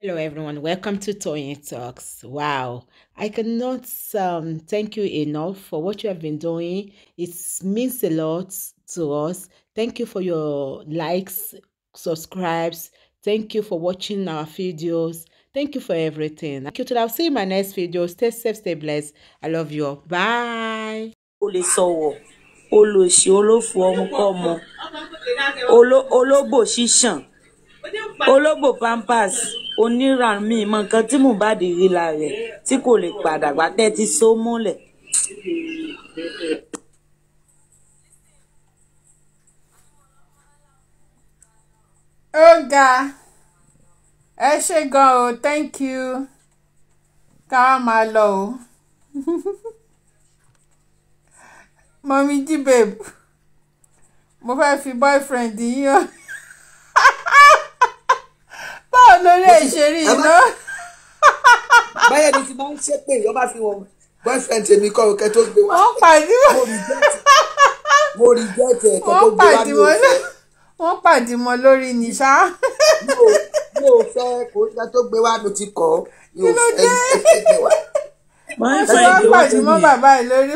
Hello, everyone. Welcome to Toyin Talks. Wow, I cannot um, thank you enough for what you have been doing. It means a lot to us. Thank you for your likes, subscribes. Thank you for watching our videos. Thank you for everything. Thank you till I'll see you in my next video. Stay safe, stay blessed. I love you. All. Bye. olòṣì olófò ọmọkọ́mọ olóbò ṣíṣàn olóbò pampers onírà mi mọ nǹkan tí Mohbad rí la rẹ̀ tí kò lè padà wá tẹ́ ti so ó ga ẹ ṣe gan o thank you ká máa lọ o mọ̀mí jí babe mo fẹ́ fi boyfriend yín hàn lórí ìṣeré iná. báyẹn ni ti máa ń ṣépè yọ bá fi wọn boyfriend tèmi kọ́ òkè tó gbé wá. wọ́n pàdé wọn. mo rí jẹ́ẹ̀tì ẹ̀kọ́ tó gbé wá ní òfin. wọ́n pàdé mọ́ lórí ni ṣá. mi ò fẹ́ kó ṣe tó gbé wá mo ti kọ́ mi ò fẹ́ ẹgbẹ́ wa. wọ́n ṣe wọ́n pàdé mọ́ bàbá ẹ̀ lórí.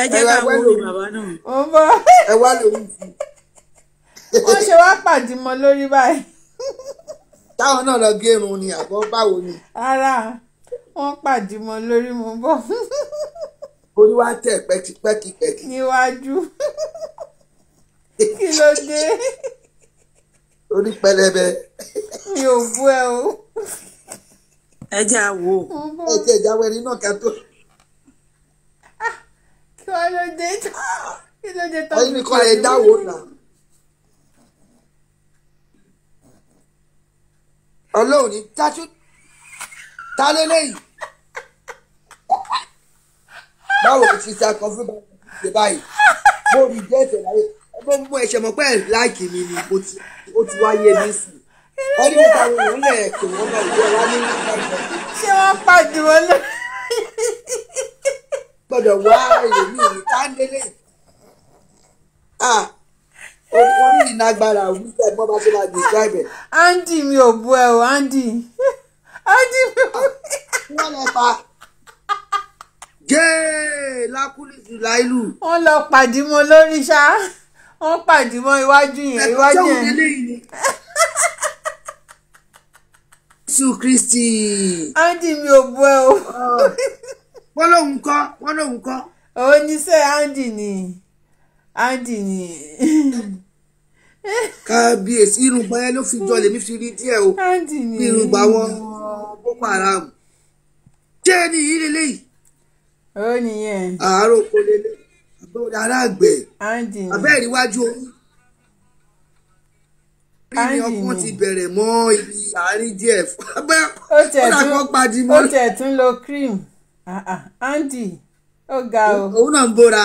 ẹ jẹ́ ká wọ́n lórí bàbá náà. ó bọ́. ẹ wá lórí fún wọ́n ṣe wá pàdé mọ́ lórí báyìí táwọn náà lọ gérun ni àbọ̀ báwo ni. ara wọn pàdímọ lórí mo bọ. orí wa tẹ pẹkipẹkipẹki. níwájú kí ló dé. orí pẹlẹbẹ. mi ò bú ẹ o. ẹ jẹ́ àwò. ẹ jẹ́ ìjáwé ẹni náà ká tó. Ah, kí wọ́n ló dé tó. kí ló dé tó. ọyún mi kọ́ ẹ dáwọ́ náà. ọlọ́run ní dájú ta lélẹ́yìí báwo ti sa kan fún mi báyìí mo rí gẹ́ẹ̀tẹ̀ láyé ọgbọ́n mú ẹ̀ṣẹ̀ mọ́ pẹ́ láìkì mi ni ó ti wáyé mi sí ọdún mi ta wọ́n lẹ̀ kí wọ́n náà yọ wá ní ìgbàgbọ́. ṣé wọ́n pàdé wọn lọ. gbọ́dọ̀ wá èyí mi ká délé orí ìnagbára òun tẹ bá ṣe máa describe ẹ. Andy mi ò bu ẹ o Andy Andy mi ò bu ẹ. wọ́n lọ pa jẹ́ẹ̀ lákúlìsù láìlù. wọ́n lọ pàdé mọ́ lórí ṣá wọ́n pàdé mọ́ iwájú yẹn iwájú yẹn. Jésù Kristi. Andy mi ò bu ẹ o. wọ́n lóun kọ́ wọ́n lóun kọ́. òun ní sẹ́ Andy ni Andy ni kábíyèsí irùngbọ̀n yẹn ló fi jọ lèmi fi rí díẹ̀ o bí wọn boko haram ṣé ẹni yìí lélẹ́yìí. ó nìyẹn. àárò kò lélẹ̀ àbẹ̀wò ará àgbẹ̀ àbẹ̀ ìríwájú omi. rí ni ọkùnrin ti bẹ̀rẹ̀ mọ́ ibi àárín díẹ̀ fún abẹ́ kódà ó tẹ̀ tún lo cream Andy ó ga o. òun náà ń bóra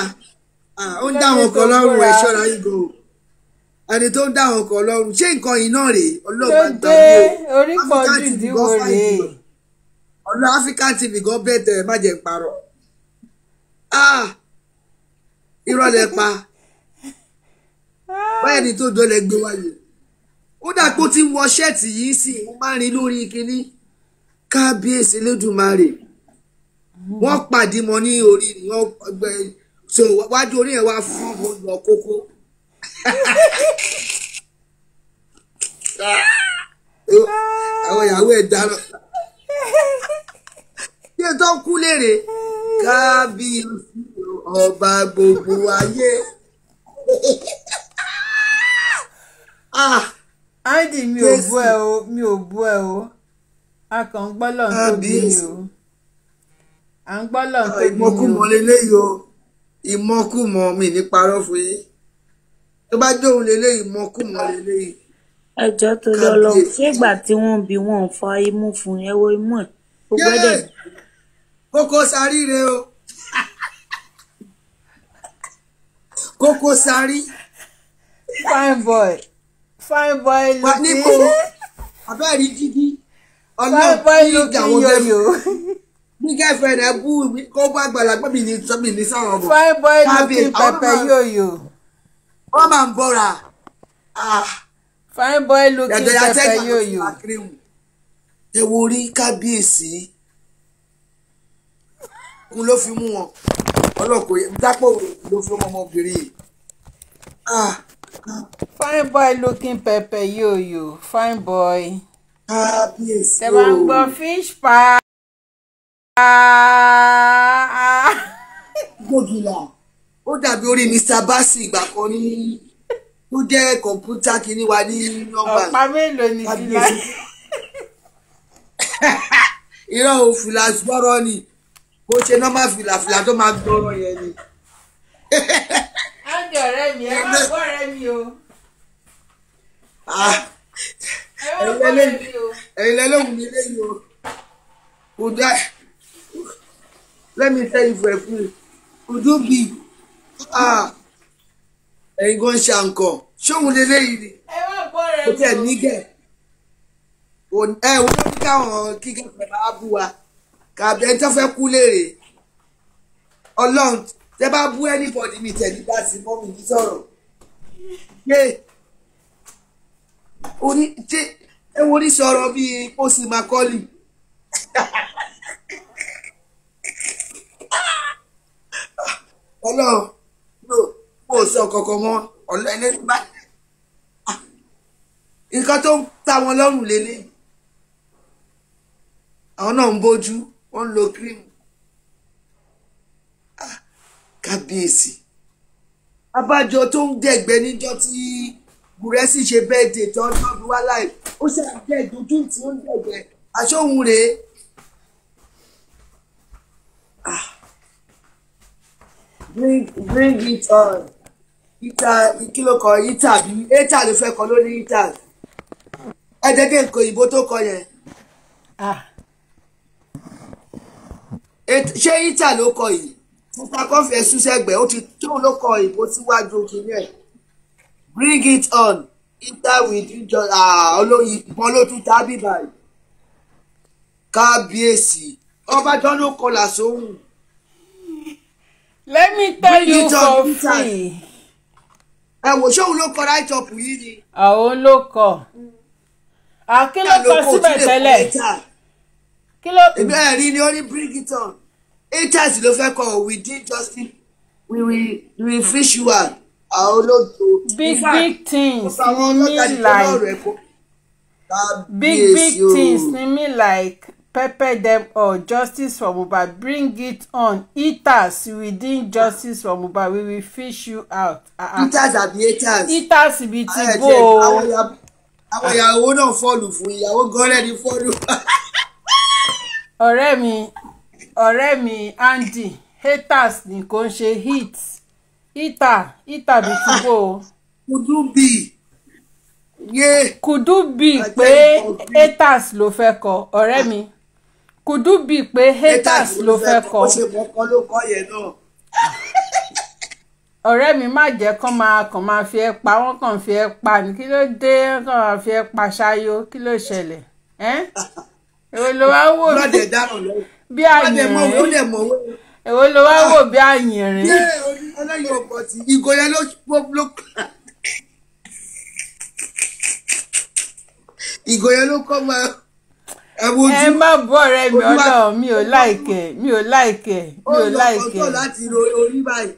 ó ń dá àwọn kan lọ́rùn ẹ̀ ṣọ́ra yìí ẹni tó ń dá àwọn ọkọ̀ ọlọ́run ṣé nǹkan iná rèé ọlọ́run gbàgbé TV jùdíwò rèé ọlọ́ African TV gan bẹ́ẹ̀ tẹ̀ má jẹ́ parọ́ irọ́ ah! lẹ pa ah! báyìí ni tó dọ́lẹ̀ gbé wáyé ó dà pé ó ti wọ ṣẹ́ẹ̀tì yìí sí i mo máa ń rí lórí kinní kábíyèsí lẹ́dùnmarè wọ́n pàdé mọ́ ní orí wọ́n gbẹ so wájú orí yẹn wá fún ọkọ̀ kókó àwọn ìyàwó ẹ̀ dáná ṣé tó kú léèrè kábíyèsí ọba gbogbo ayé. Andy ah! mi ò bú ẹ o mi ò bú ẹ o a kàn ń gbọ́ lọ́n tóbi ni o à ń gbọ́ lọ́n tóbi ni o. ìmọ̀kùmọ̀ lélẹ́yìí o ìmọ̀kùmọ̀ mi ní parọ́ fún yín tó bá jóun leléyìí mọkùmọ leléyìí. ẹjọ́ tó lọ lọ ṣé ìgbà tí wọ́n bí wọn fa imú fún ẹwọ imú ẹ̀ ó gbẹ́dẹ̀. kókó sarí rẹ o kókó sarí. fine boy fine boy ló dé. níbo abẹ́rẹ́ dídí ọlọ́ọ̀kì ìjàwọ́ bẹ́ẹ̀ o ní kẹfẹ́ rẹ̀ bú kó bá gbàlagbà mi ní sọ̀rọ̀ bò. fine boy ló dé pẹpẹ yóò yóò wọ́n máa ń bọ́ra. Ah. fine boy looking pepper yóò yọ. orí kábíyèsí kun ló fi mú wọn ọlọ́kọ̀ dápọ̀ ló fi mú ọmọbìnrin yìí. Ah. fine boy looking pepper yóò yọ fine boy. kábíyèsí o tẹ̀ máa ń gbọ́ fish pie. Ah. gògìlà ó dàbí orí Mr. Bassey ìgbà kan ní ó jẹ́ kọ̀ǹpútà kìíní wa ní nọ́mbà ọ̀pá mélòó ni irọ́ o fúláṣí ni bó ṣe nọ́mbà fìlàfìlà tó máa gbọ́rọ̀ yẹn ni. áńdì ọ̀rẹ́ mi ẹ máa gbọ́ ọ̀rẹ́ mi o. Ah. ẹ̀yin lẹ́lọ́hùn mi léyìí o kò dá lẹ́mi tẹ́ ìfọ̀ ẹ̀kú kò dún bíi. Ah. ẹ̀yin gan ṣe àǹkọ̀ ṣóhun lélẹ́ yìí ni o tẹ̀ nígẹ̀ ẹ wo ló ní káwọn kíkẹ́ pẹ̀lú abú wa kàbí ẹni tó fẹ́ kú léèrè ọlọ́run tẹ́ bá bú anybody mi tẹ̀lé bá sí mọ́ mi ní sọ̀rọ̀ pé oní tí ẹ wo ní sọ̀rọ̀ bíi pósí makọ́lì. ọlọ́run kò sọ kankan mọ́ ọ̀lọ́ ẹlẹ́rìí bá ah, nǹkan tó ń ta wọn lọ́rùn lélẹ̀ àwọn náà ń bójú wọ́n ń lo cream ah, kábíyèsí abájọ tó ń dẹ̀gbẹ́ níjọ́ tí gùrẹ́sì ṣe bẹ́ẹ̀ dè tán tó wá láì ó ṣàdẹ̀dùn dùn tí ó ń dẹ̀gbẹ́ àṣọ rèé bring bring it on ita kilo kọ ita bi eta ló fẹ́ kọ lórí ita ẹ jẹ́ kí n kọ ìbò tó kọ yẹn ah. ṣé ita ló kọ yìí títa kọfí ẹ sún sẹ́gbẹ̀ ó ti tóun ló kọ ìbò síwájú kìíní ẹ bring it on ita with ijọ ah, olóyin ìbọn ló tún tábìbà kábíyèsí ọbàjọ́ ló kọ làsóhùn let me tell you for free. ẹ wò ṣé òun ló kọ right up yìí ni. àwọn ló kọ kí ló kọ síbẹ̀ tẹ́lẹ̀ kí ló. èmi ẹ̀ rí ni ó ní bring it on haters ló fẹ́ kọ we did justice we we we fish you out àwọn olóòtú. big big things ni mean like big big things ni mean like pepper them all justice from Mohbad bring it on haters within justice from Mohbad we will fish you out. Ah, ah. haters àbí haters. haters ibi ti bó o. àwọn ìyàwó náà fọ́ọ̀lù fún ìyàwó gọ́lẹ́ ní fọ́ọ̀lù. ọ̀rẹ́ mi ọ̀rẹ́ mi Andy haters ni kò ń ṣe hit Ita, ita bí ti bó o. kudu bi ye. kudu bi pé haters ló fẹ́ kọ ọ̀rẹ́ mi kùdú bíi pé haters ló fẹ́ kọ. kọ́ ọ̀rẹ́ mi má jẹ́ kán máa kàn máa fi ẹ́ pa wọ́n kàn fi ẹ́ pa ni kí ló dé kàn máa fi ẹ́ pa ṣáyó kí ló ṣẹlẹ̀ èwo ló wá wò bí àyìnrín èwo ló wá wò bí àyìnrín. ọlọ́yin ọkọ̀ tí ìgò yẹn ló ìgò yẹn ló kọ́ máa ẹ wojú ẹ má bọ́ ọ̀rẹ́ mi ọlọ́run mi ò láìkẹ̀ mi ò láìkẹ̀ mi ò láìkẹ̀. ó lọ láti ro orí báyìí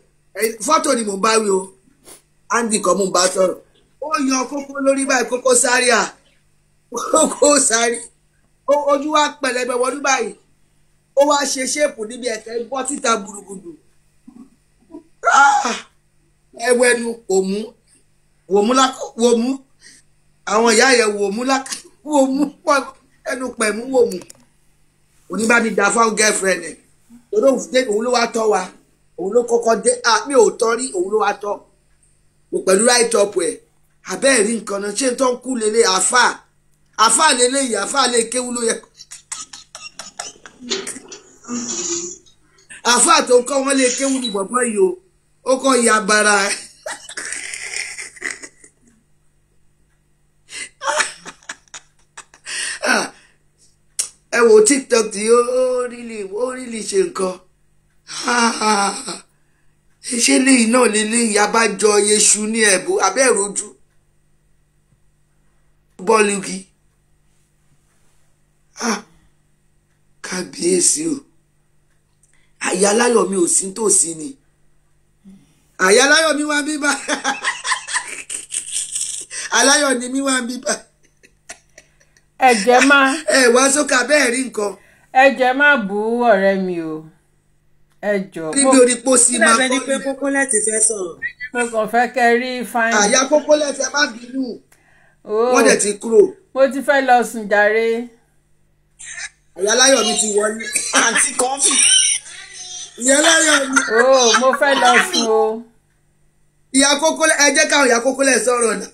fọ́tò ni mò ń bá wí o andy kan mò ń bá sọ̀rọ̀ ó yan kókó lórí báyìí kókó sáré à kókó sáré ojú wa pẹlẹbẹ wọlú báyìí ó wá ṣe ṣéèpù níbi ẹ̀kẹ́ bọ́ síta gbùdùgbùdù ah! ẹwọ ẹnu òmù wòmú lákà wòmú àwọn ìyá yẹn wòmú lákà wòmú pọ̀ ẹnu pẹ̀mú wò mú òní bá mi dà fáwọn girlfriend ẹ̀ lọ́dọ̀ òun ló wá tọ́ wa òun ló kọ́kọ́ dé à mi ò tọ́ rí òun ló wá tọ́ mo pẹ̀lú right up ẹ̀ abẹ́ rí nǹkan náà ṣé n tó ń kú lélẹ̀ àfà àfà lélẹ̀ yìí àfà lè kéwu ló yẹ. àfà tó ń kọ́ wọn lè kéwu ní bọ̀bọ́ yìí o ó kọ́ ìyá bara ẹ̀. wo tiktok tí ó rílì ó rílì ṣe nǹkan ṣé léyìí náà lélẹ́yìí abájọ yeṣu ní ẹ̀bù abẹ́ẹ̀rojú bọ́ọ̀lù kí kábíyèsí o àyáláyọ̀ mi ò sí tòsí ni àyáláyọ̀ mi wá bíbá aláyọ̀ ni mi wá bíbá ẹ̀jẹ̀ má. ẹ wá sókè abẹ́ẹ̀ rí nǹkan. ẹ̀jẹ̀ má bú ọ̀rẹ́ mi o ẹ jọ. níbi orí pò sí máa kọ́ ni. pé kókólẹ́tì fẹ́ sọ̀rọ̀. mo kàn fẹ́ kẹ́ rí fáìn. àyà kókólẹ́tì ẹ má bínú. wọ́n dẹ̀ ti kúrò. mo ti fẹ́ lọ sùn jàre. àyà láyọ̀ mi ti wọlé àǹtí kọ́fì. ìyá láyọ̀ mi. o mo fẹ́ lọ sùn o. ìyá kókólẹ́ ẹ jẹ́ káwọn ìyá kókólẹ́ sọ̀rọ̀ náà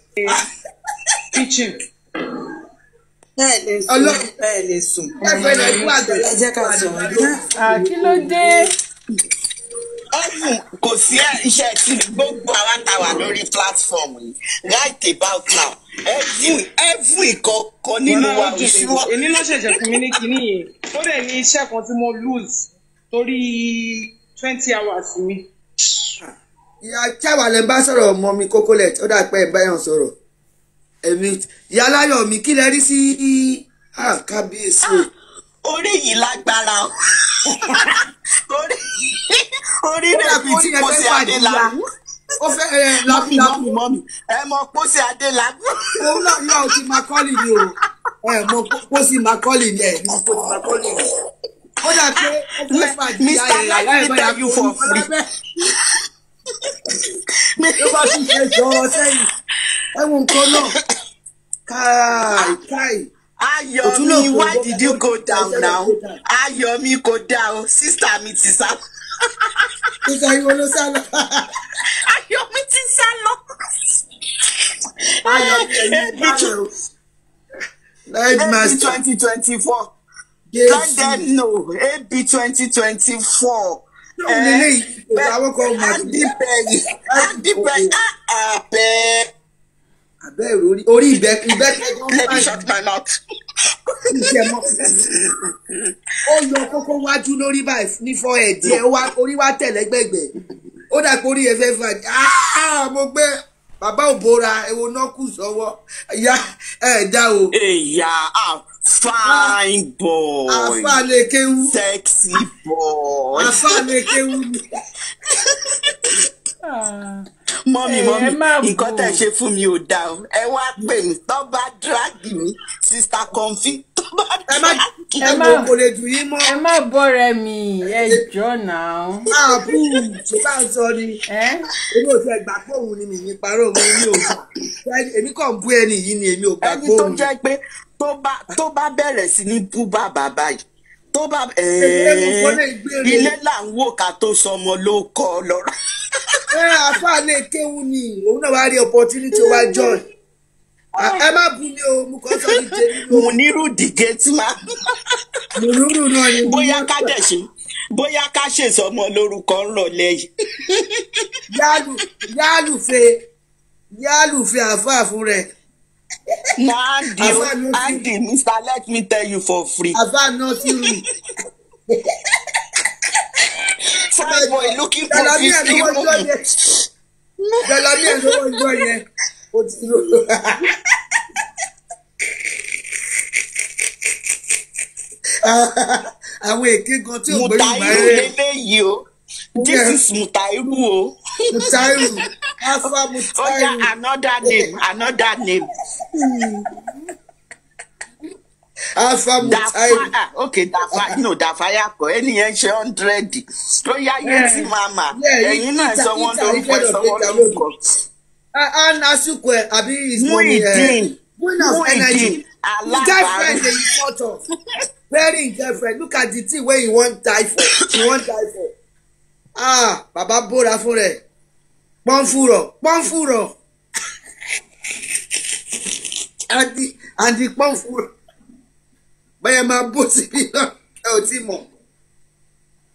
bẹ́ẹ̀ lè sùn ẹ jẹ́ ká sọ̀rọ̀ náà. kí ló dé. ọ̀fun kò sí iṣẹ́ tí gbogbo àwa ta wà lórí platform yìí right about now every every kọ̀ọ̀kan nínú wa ò sí wọ́n. èmi ló ṣẹ̀ṣẹ̀ fún mi ní kinní yẹn tó dẹ̀ ní iṣẹ́ kan tí mo lose torí twenty hours mi. ìyá cháwa lè bá sọ̀rọ̀ ọmọ mi kókó lẹ̀ ó dà pé ẹ̀ báyọ̀ sọ̀rọ̀ ẹ̀mí yàláyọ̀ mi kí lẹ rí sí ah, kábíyèsí. Ah, orí yìí lágbára orí orí rẹ kó ní kó sí adélábù ó fẹ́ ẹ eh, lábùlábù mọ́ mi ẹ mọ pósí adélábù. òun náà yọ ọtí makọ́lì ni o ẹ mọ pósí makọ́lì ni ẹ mọ pósí makọ́lì ni ó dà pé ó fẹ́ fàjì ayẹyẹ láì bá yà kó fún un ló bá fi ṣe jọ ọ sẹ́yìn ẹ̀wọ̀n nǹkan náà káì káì. Ayọ̀mí why did you go down now? Ayọ̀mí kò dá o, sísá mi ti sá. Ìgbà ìwọ ló sá lọ. Ayọ̀mí ti sá lọ. Ayọ̀mí ẹ̀yìn bá rẹ̀ o. Lẹ́yìn twenty twenty four. London know. AB twenty twenty four. Ṣé òun lè ní ìgbà àwọn kan mọ̀? Adibẹ̀yì Adibẹ̀yì Abẹ́ẹ̀ abẹ́ ìròrí orí ìbẹ́ ìbẹ́ kẹjọ ń báyìí iṣẹ́ mọ́ ó yọ kókó wájú lórí báyìí ní fọ́ ẹ̀jẹ̀ orí wá tẹ̀lẹ́gbẹ̀gbẹ̀ ó dà pé orí ẹ̀ fẹ́ fà á mo gbé bàbá òbora ewo náà kù sọ́wọ́ ìyá ẹ̀ dá o. ìyá fine boy afa le kéwú sexy boy afa le kéwú. mọ́mí ah. mọ́mí eh, nǹkan tẹ̀ ṣe fún mi ò dáa o ẹ wá pè mí tó bá dírágì mi sista Comfy tó bá dírágì mi. ẹ má kò lè dùn yín mọ́. ẹ má bọ́rẹ̀ mi ẹ jọ náà. máa bú tó bá ń sọ ni èmi ò fẹ́ gbà pòun ni mi ní parọ́ mi ní òògùn èmi kàn bú ẹni yìí ni èmi ò gbà pòun. ẹni tó jẹ́ pé tó bá bẹ̀rẹ̀ sí ní bú bàbá báyìí tó bá eh, ilé là ń wò ká tó sọmọ ló kọ lọ́rọ̀. ẹ àfáà lè ni òun náà wá rí opportunity wá join ah, ẹ má bu ni o mo kọ́ sọ ní tèmi. mo nírú dìde tí ma. mo náà ni. bóyá ká dẹ̀ bóyá ká ṣèṣọmọ lórúkọ ńlọlẹ yìí. yálù yálù àfáà fún rẹ Andy, Andy, Mr. Let me tell you for free. Have not you? Fine boy looking for this people. Jalami ẹ̀ ló wọ́n gbọ́ yẹn. O ti lò lò. Àwọn èké kan tí ò gbẹ́yìn máa rẹ̀. Mùtá irú lélẹ́yìí o. This is Mutairu o. Mutairu. Alpha Mutairu. Oh, yeah, another name. Another name. Hmm. Alpha Mutairu. Okay, Dafa. No, Dafaya kọ. Ẹnìyẹn ṣe hundred. Lóyá yẹn ti máa mà. Ẹ̀yin náà sọ wọ́n lórúkọ ẹ̀ sọ wọ́n lórúkọ. An Asukwe àbí Muideen. Eh, Muideen of energy. Alabaru. Girlfriend dey you cut off. Very girlfriend. Look at the thing wey you wan die for. You wan die for ah bàbá bóra fún rẹ̀ pọ́nfùrọ̀ pọ́nfùrọ̀ àǹtí àǹtí pọ́nfùrọ̀ bẹ́ẹ̀ máa bó síbi náà ẹ ò tí mọ̀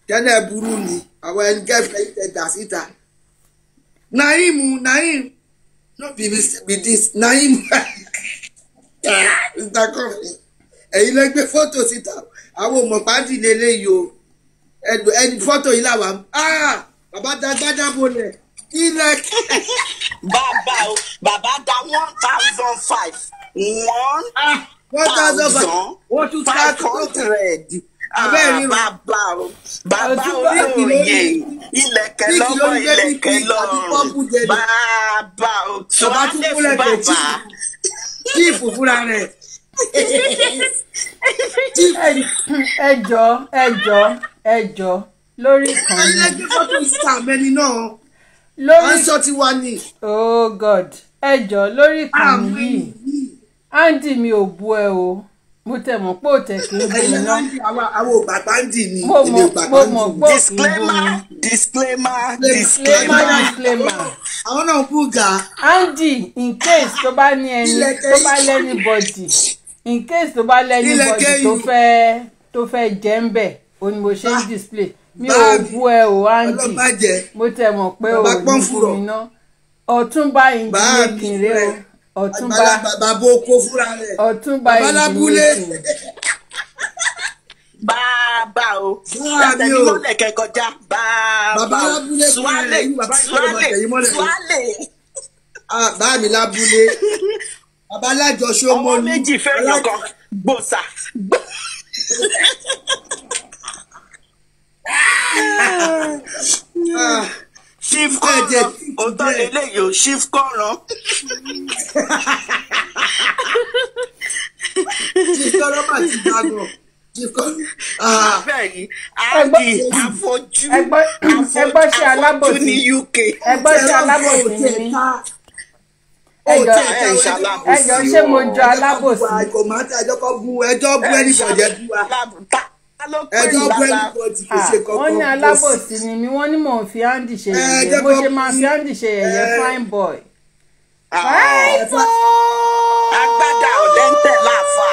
kẹ́nẹ́ burú ni àwọn ẹni gẹ́fẹ́ ìtẹ̀ dà síta naim naim no be be this naim ah, mr coffee ẹ̀yin lẹ́gbẹ́ fọ́tò síta àwọn òmùpá dìde léyìí o ẹni fọ́tò yìí làwà ah! bàbá dágbádá bolẹ̀ ilẹ̀. bàbá o bàbá da one thousand five one ah! thousand five hundred ah, bàbá o bàbá o ilẹ̀kẹ̀ lọ́wọ́ ilẹ̀kẹ̀ lọ́rùn bàbá o tó wá lè fún bàbá. chief fúnra rẹ̀. ẹ jọ̀ọ́ ẹ jọ̀ọ́ ẹ lórí ìkànnì. ẹ gbé fọ́tò instagram náà lórí ti wá ní. oh god ẹ jọ̀ọ́ lórí ìkànnì yìí andy mi ò bú ẹ o mo tẹ mọ̀ pé òtẹ kì í bú mi náà. àwọn ògbà bandi ni èmi ògbà bandi. disclaimer disclaimer disclaimer disclaimer. àwọn náà bú ga. andy in case tó bá ní ẹni tó bá lẹ́ni bọ́dì in case tó bá lẹ́yìn bọ́dì tó fẹ́ tó fẹ́ jẹ́ ń bẹ̀ o mo ṣe ń ah, display mi ò bú ẹ o andy mo tẹ̀ mọ̀ pé o ní fún mi ná ọ̀túnba ìdílé kìnìún o ọ̀túnba bàbá oko fúnra rẹ̀ ọ̀túnba ìdílé kìnìún. bàbá o látẹ̀yìnmọ́lẹ̀ kẹkọjá bàbá o suwale suwale suwale. bàbá mi lábúlé. bàbá alájọṣe ọmọ ní. ọmọ méjì fẹ́ yàn kan gbòòsà. shift kọ́ọ̀rọ̀ òótọ́ lélẹ́yìí ò shift kọ́ọ̀rọ̀. shift kọ́ọ̀rọ̀ mà ti dàgbọ̀ bẹ́ẹ̀ni adi afọ́jú afọ́jú ní UK. ẹgbọ́n ṣe alábòsí ni mí ẹjọ ẹjọ ṣé mo jọ alábòsí. kò máa tẹ ẹjọ́ kan bu ẹjọ́ bu ẹni bọ̀jẹ̀ bu wa ẹjọ́ bu ẹni bọ̀jẹ̀ kò ṣe kankan. wọ́n ní alábòsí ni mi wọ́n ní mò ń fi áńdì ṣe yẹ̀yẹ́ bó ṣe máa fi áńdì ṣe yẹ̀yẹ́ fine boy. Ah. fine boy. agbada ọ̀lẹ́ńtẹ̀ láfa.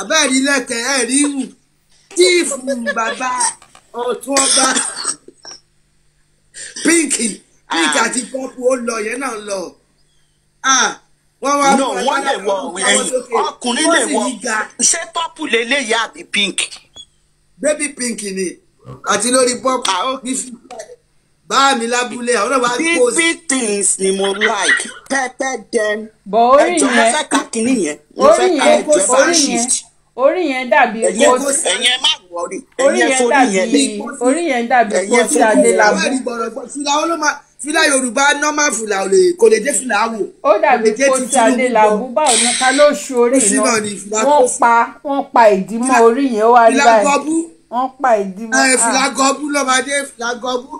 abẹ́ẹ̀ ní lẹ́kẹ̀ẹ́ ẹ̀ rí wù tíìfù bàbá ọ̀tún ọba pínkì click ah. àti pọ́ǹpù ó lọ yẹn náà lọ ah, wọ́n wá lè wọ ẹ̀yìn ọkùnrin lè wọ ṣé pọ́ǹpù lélẹ́yìí àbí pink. baby pink ni àti lórí pọ́ǹpù ah, ní bá mi lábúlé àwọn náà wá pose. big things ni mo like pepper dem. bọ̀ mo fẹ́ ká kínní yẹn mo fẹ́ ká ẹjọ́ fan shift. orí yẹn dàbí kóòtù ẹ̀yẹ má wọrí yẹn orí yẹn dàbí kóòtù adé làbọ̀ fìlà yorùbá normal fìlà olè kò lè dé fìlà awò. ó dàbí kóòtù adélábù báwo ni ká ló ṣe orí náà wọ́n pa wọ́n pa ìdímọ̀ orí yẹn wá rí báyìí wọ́n pa ìdímọ̀. ẹ eh, ah. fìlà gọbú lọ́mọdé fìlà gọbú.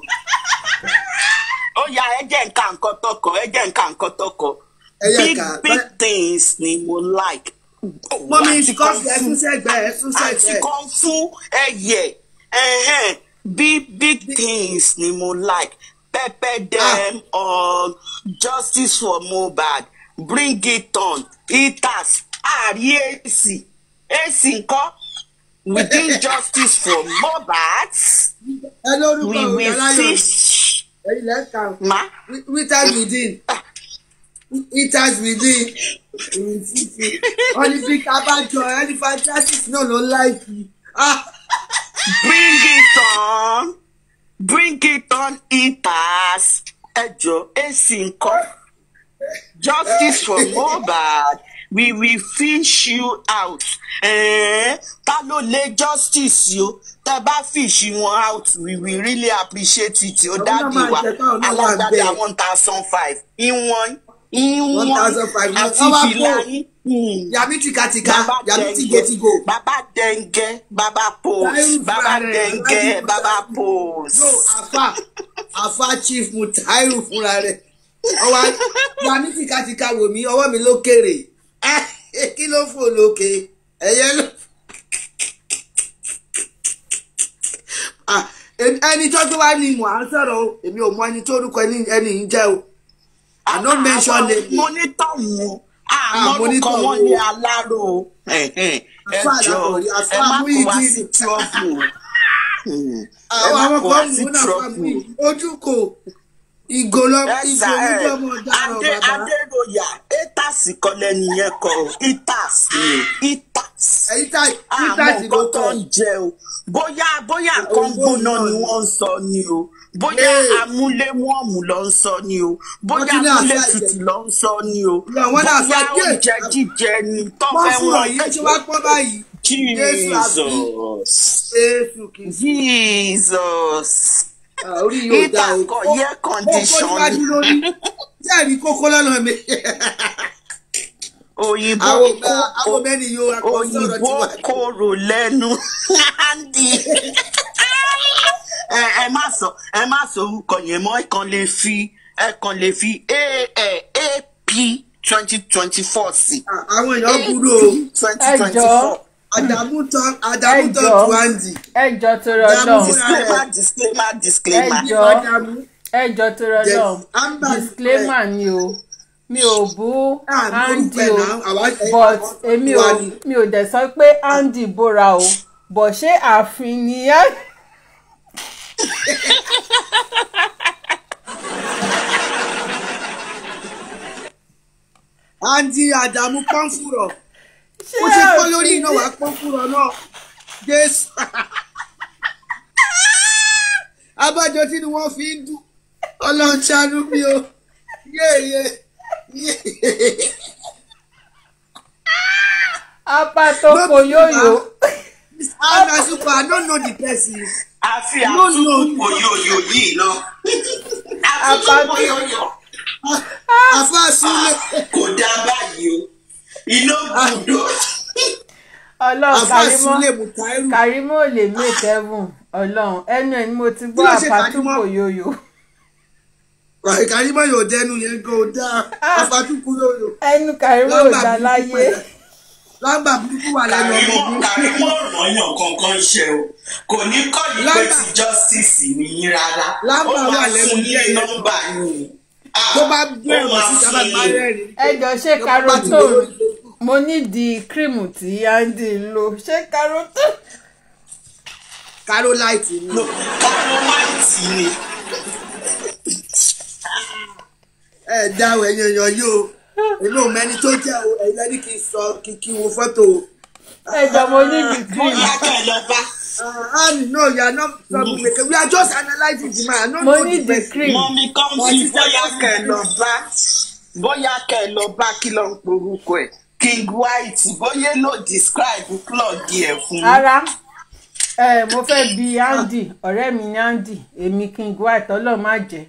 ó ya ẹjẹ nǹkan nǹkan tọkọ ẹjẹ nǹkan nǹkan tọkọ big big things ni mo like. mọ́mí ìsìkọ́fù ẹ̀sùn sẹ́gbẹ́ ẹ̀sùn sẹ́gbẹ́. àtìkọ́ fún ẹyẹ big big things ni mo like pepper dem on justice for Mohbad bring it on itas àrí èsì èsì nǹkan within justice for Mohbad ah. we will see. ma without within itas within olympic abájọ ẹni fantastic náà like you. Ah. bring it on bring it on Pass. ẹjọ ac nǹkan justice for Mohbad we will fish you out eh, ta ló lè justice o tẹ bá fish wọn out we will really appreciate it o dábì wa alágbádá one thousand five ìwọ̀n ìwọ̀n àti fìlà yín. Hmm. yàmi tìka tìka yàmi tìge tìgo. baba denge baba pose baba denge baba pose. no afa afa chief Mutairu fúnra rẹ̀ ọwọ yàmi tìka tìka wò mí ọwọ́ mi ló kéré eh, kí ló fò lókè ẹyẹ ló. Ah, ẹni tó tó wá ní mọ̀ à ń sọ̀rọ̀ o èmi ò mọ ẹni tó orúkọ ẹni yìí jẹ́ o. I no mention name. mo ní tọ̀hún o àmọ́ orúkọ wọn ní aláró ẹ jọ ẹ má kó wá sí tíọ́pù ẹ má kó wá sí tíọ́pù ojú kò ìgò lọmọ ìgò etas ah. ah, kọ lẹni yẹn kọ etas etas. etas etas tó ń jẹ o bóyá bóyá nǹkan gbóná ni wọ́n ń sọ ni o bóyá amúléwọ́ọ̀mù ló ń sọ ni o bóyá amúlétutù ló ń sọ ni o bóyá oúnjẹ jíjẹ ni tó fẹ́ wọ́n Jesus. Jesus. Ah, orí yóò dá o kó kó wájú lórí jẹ́rìí kókó lọ́nà mi. òyìnbó òyìnbó kòrò lẹ́nu Andy ẹ má sọ ẹ má sọ orúkọ yẹn mọ́ ẹ kàn lè fi ẹ kàn lè fi ap twenty twenty four sí. Ah, àwọn èèyàn burú o. twenty twenty four. Adamu turn Adamu turn to Andy. Ẹjọ́ torí Ọlọ́run. Disclaimer disclaimer disclaimer. Ẹjọ́ ẹjọ́ torí Ọlọ́run. Disclaimer ni o. Mi ò bú ah, Andy o but èmi ò mi ò dẹ̀ sọ pé Andy bóra o but ṣé ààfin ni ẹ́. Andy Adamu kan fúrọ̀ ó ṣe pọ́ lórí iná wàá pọ́ kúrò náà jésù abájọ tí ni wọ́n fi ń dùn ọlọ́run ṣàánú mi o yéèyé yéèyé. apá tó kò yóyò. Ana super I don't know the person. Àfi àtúntò kò yóyò yìí lọ. Àtúntò kò yóyò. Àfa súnlẹ̀. Kò dá báyìí o iná gbòdò. ọlọ́run Karimo Karimo ò lè make heaven ọlọ́run ẹnu ẹ̀ ni mo ti gbọ́ àpàtú kò yòyò. Karimo yóò dẹnu yẹn gan dáa ah. àpàtú kò yòyò. ẹnu Karimo ò dá láyé. lágbà burúkú wà lẹ́nu ọmọkùnrin. Karimo ọ̀rọ̀yàn kankan ṣe o kò ní kọ́ọ̀lù pé justice nìyí rárá ó máa fún ní nọ́mbà yìí tó bá gbé ẹ̀wọ̀n síta bá gbá rẹ́rìn. ẹ jọ ṣe karo mo nídìí kírìmù tí andy ń lò ṣé karotó. karolaiti ni. no karolaiti ni. ẹ dáwọ ẹyin èèyàn yìí o èmi ò mẹni tó jẹ o ẹyin lẹni kì í sọ kìkì wo fọ́tò. ẹ jọ mo nídìí kírìmù. mo yàtọ̀ ẹ lọ bá. Ah, Annie, no, you are not troublemaker. We are just analyzing the man. No, Money the cream. Mommy, come see bóyá kẹ́ lọ bá. Bóyá kẹ́ lọ bá kí ló ń porúkọ ẹ̀. King White bóyá ló describe plug ẹ̀ fún. ara ẹ mo fẹ́ bi Andy ọ̀rẹ́ mi ni Andy èmi King White ọlọ́run má jẹ́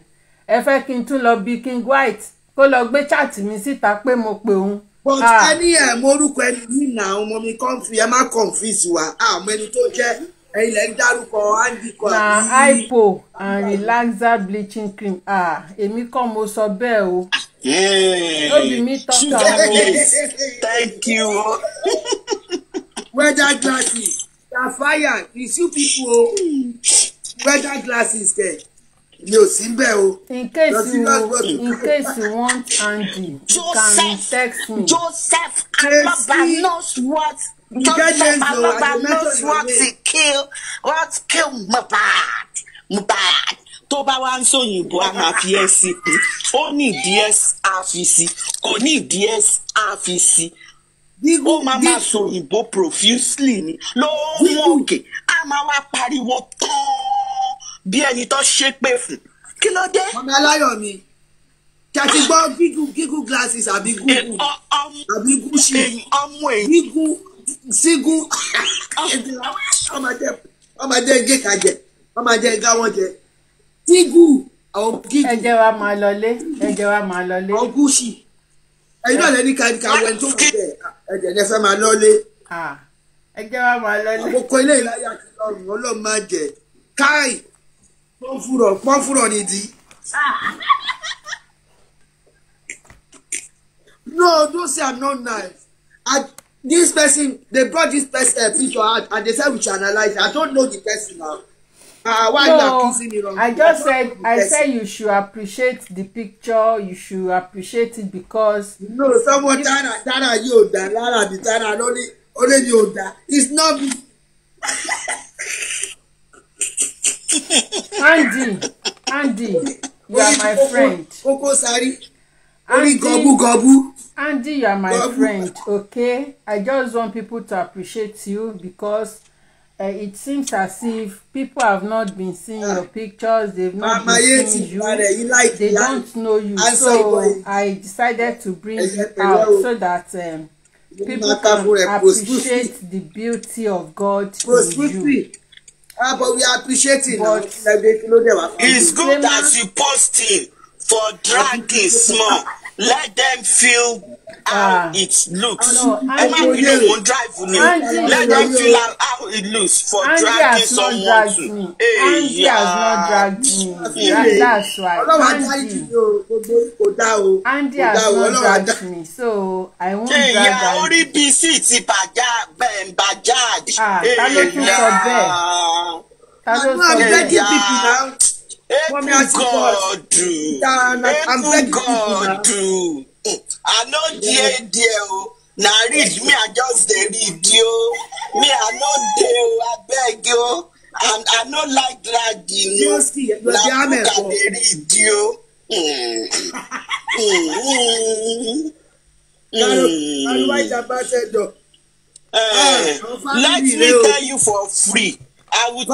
ẹ fẹ́ kí n tún lọ bi King White kó lọ gbé chaati mi síta pé mo pe òun. but ẹni ah. ẹ morúkọ ẹni yìí nà ọmọ mi kàn ẹ má confuse wa àmọ́ ẹni tó jẹ́ ẹ̀yin lẹ ń dárúkọ Andy kan. na hypo and relaxer bleaching cream ah, èmi kọ́ mo sọ bẹ́ẹ̀ o. Yay! Sugar yes. Thank you. Weather glasses. Na fire. It's you people o. Oh. Weather glasses kẹ̀. Mi ò sí bẹ́ẹ̀ o. Oh. In case you in case you want Andy, you Joseph, can text me. Joseph Alaba knows what. Joseph oh. Alaba knows what to kill. What kill Mohbad. Mohbad tó bá wá ń sòyìnbó a máa fi ẹ sí pé ó ní ds àfìsí kò ní ds àfìsí ó máa máa sòyìnbó profusely ni ló ń wọ̀n òkè a máa wá pariwo tán bí ẹni tó ṣépè fún kí ló dé. ọmọ aláyọ̀ mi tẹ̀sí gbọ́ gígùn gígùn glasses àbí gúgùn àbí gúṣì gígùn sígùn ọmọdé ọmọdé gé kajẹ ọmọdé gáwọ́ gígù àwọn gígù. ẹ jẹ́ wa máa lọlé ẹ jẹ́ wa máa lọlé. àwọn gúúsì ẹ̀yin náà lẹ́ni ká wẹ́n tó kù bẹ́ẹ̀ ẹ̀jẹ̀ lẹ fẹ́ máa lọlé. ẹ jẹ́ wa máa lọlé. àkókò ilé ìlàyà ti lọrùn ọlọ́run máa jẹ káì pọ́nfúrọ̀ pọ́nfúrọ̀ nìdí. no say I'm not nice i this person they brought this person uh, picture out and they say we should analyse i don't know the person now àwa yà kí sí mi rọrùn. I just said I said you should appreciate the picture you should appreciate it because. no someone tara tara yóò dá lára bí tara lórí olè ni ò dá it's not. me. Andy Andy you are my friend. Oko sari. orí gọbú gọbú. Andy you are my friend okay I just want people to appreciate you because uh, it seems as if people have not been seeing your ah. pictures they've not ah, been seeing you eh? they don't know you so I decided to bring it out so that um, people can appreciate the beauty of God in you. Ah, but we are appreciating but it's good that you posting for dragging smoke let them feel how uh, it looks. Oh, ẹ má bínú mo drive ni o let them feel how, how it looks for Andy dragging someone to. Eh, Andy has not dragged me that's why Andy Andy has not dragged me so I won't drag am. ṣèyàn orí bc ti bàjá bẹ́ẹ̀ bàjá. Ah, ta ló eh, tún sọ bẹ́ẹ̀ ta ló sọ bẹ́ẹ̀. Mommy, I God. I'm God. I know dear dear. Oh. Na read me, I just dey read you. Oh. Me, I know dear. Oh. I beg you. And I know like dragging you. Na book I dey read you. Mm. Mm. Mm. Let me tell you for free àwùjọ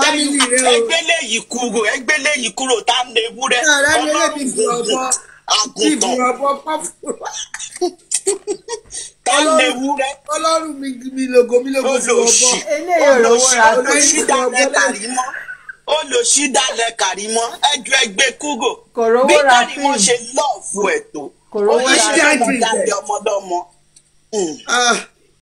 ẹgbẹ́lẹ̀ yìí kúrò ẹgbẹ́lẹ̀ yìí kúrò tá a lè wúrẹ́ ọlọ́run gbogbo àgùntàn tá a lè wúrẹ́. ọlọ́run mi mi lògó mi lògó sí ọbọ olóṣì olóṣì dalẹ̀ kàrímọ́ olóṣì dalẹ̀ kàrímọ́ ẹjọ́ ẹgbẹ́ kúrò bí kàrímọ́ ṣe lọ́ọ̀fù ẹ̀ tó ó yẹ kí wọ́n dalẹ̀ ọmọdọ́mọ. Hmm. Ah.